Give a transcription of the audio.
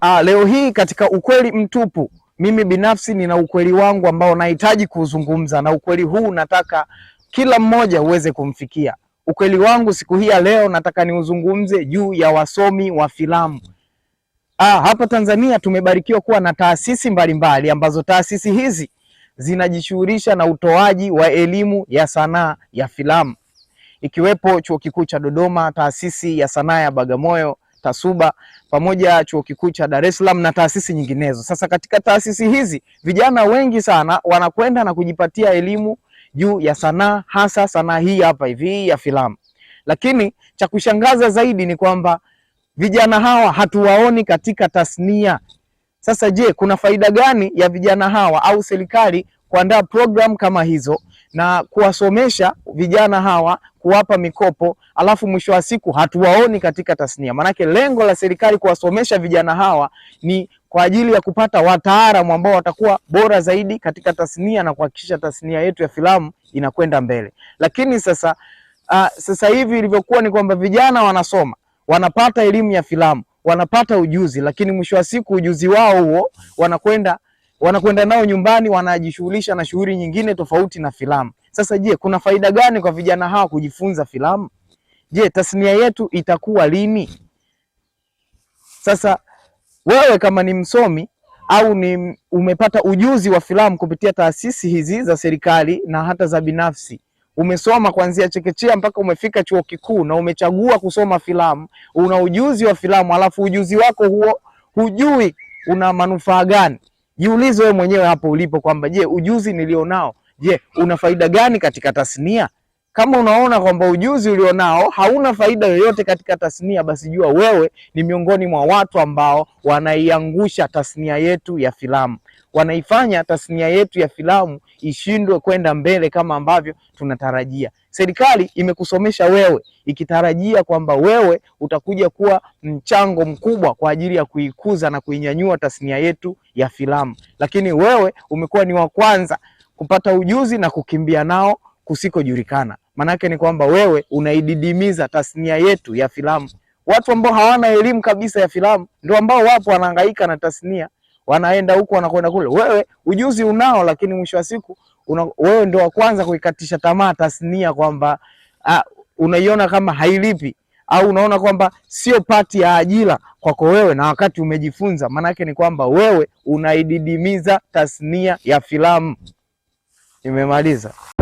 Ah, leo hii katika ukweli mtupu, mimi binafsi nina ukweli wangu ambao nahitaji kuzungumza, na ukweli huu nataka kila mmoja uweze kumfikia. Ukweli wangu siku hii ya leo nataka niuzungumze juu ya wasomi wa filamu. Ah, hapa Tanzania tumebarikiwa kuwa na taasisi mbalimbali mbali, ambazo taasisi hizi zinajishughulisha na utoaji wa elimu ya sanaa ya filamu ikiwepo Chuo Kikuu cha Dodoma, taasisi ya sanaa ya Bagamoyo, TASUBA pamoja chuo kikuu cha Dar es Salaam na taasisi nyinginezo. Sasa katika taasisi hizi vijana wengi sana wanakwenda na kujipatia elimu juu ya sanaa, hasa sanaa hii hapa hivi ya filamu. Lakini cha kushangaza zaidi ni kwamba vijana hawa hatuwaoni katika tasnia. Sasa je, kuna faida gani ya vijana hawa au serikali kuandaa program kama hizo na kuwasomesha vijana hawa, kuwapa mikopo, alafu mwisho wa siku hatuwaoni katika tasnia. Maanake lengo la serikali kuwasomesha vijana hawa ni kwa ajili ya kupata wataalamu ambao watakuwa bora zaidi katika tasnia na kuhakikisha tasnia yetu ya filamu inakwenda mbele. Lakini sasa uh, sasa hivi ilivyokuwa ni kwamba vijana wanasoma, wanapata elimu ya filamu, wanapata ujuzi, lakini mwisho wa siku ujuzi wao huo wanakwenda wanakwenda nao nyumbani, wanajishughulisha na shughuli nyingine tofauti na filamu. Sasa je, kuna faida gani kwa vijana hawa kujifunza filamu? Je, tasnia yetu itakuwa lini? Sasa wewe kama ni msomi au ni umepata ujuzi wa filamu kupitia taasisi hizi za serikali na hata za binafsi, umesoma kuanzia chekechea mpaka umefika chuo kikuu na umechagua kusoma filamu, una ujuzi wa filamu, alafu ujuzi wako huo hujui una manufaa gani? Jiulize wewe mwenyewe hapo ulipo kwamba je, ujuzi nilionao, je, una faida gani katika tasnia? Kama unaona kwamba ujuzi ulionao hauna faida yoyote katika tasnia, basi jua wewe ni miongoni mwa watu ambao wanaiangusha tasnia yetu ya filamu, wanaifanya tasnia yetu ya filamu ishindwe kwenda mbele kama ambavyo tunatarajia. Serikali imekusomesha wewe ikitarajia kwamba wewe utakuja kuwa mchango mkubwa kwa ajili ya kuikuza na kuinyanyua tasnia yetu ya filamu, lakini wewe umekuwa ni wa kwanza kupata ujuzi na kukimbia nao kusikojulikana. yake ni kwamba wewe unaididimiza tasnia yetu ya filamu. Watu ambao hawana elimu kabisa ya filamu ndio ambao wapo wanahangaika na tasnia, wanaenda huku wanakwenda kule. Wewe ujuzi unao, lakini mwisho wa siku una, wewe ndio wa kwanza kuikatisha tamaa tasnia kwamba ah, unaiona kama hailipi au unaona kwamba sio pati ya ajira kwako wewe na wakati umejifunza, maanake ni kwamba wewe unaididimiza tasnia ya filamu. Nimemaliza.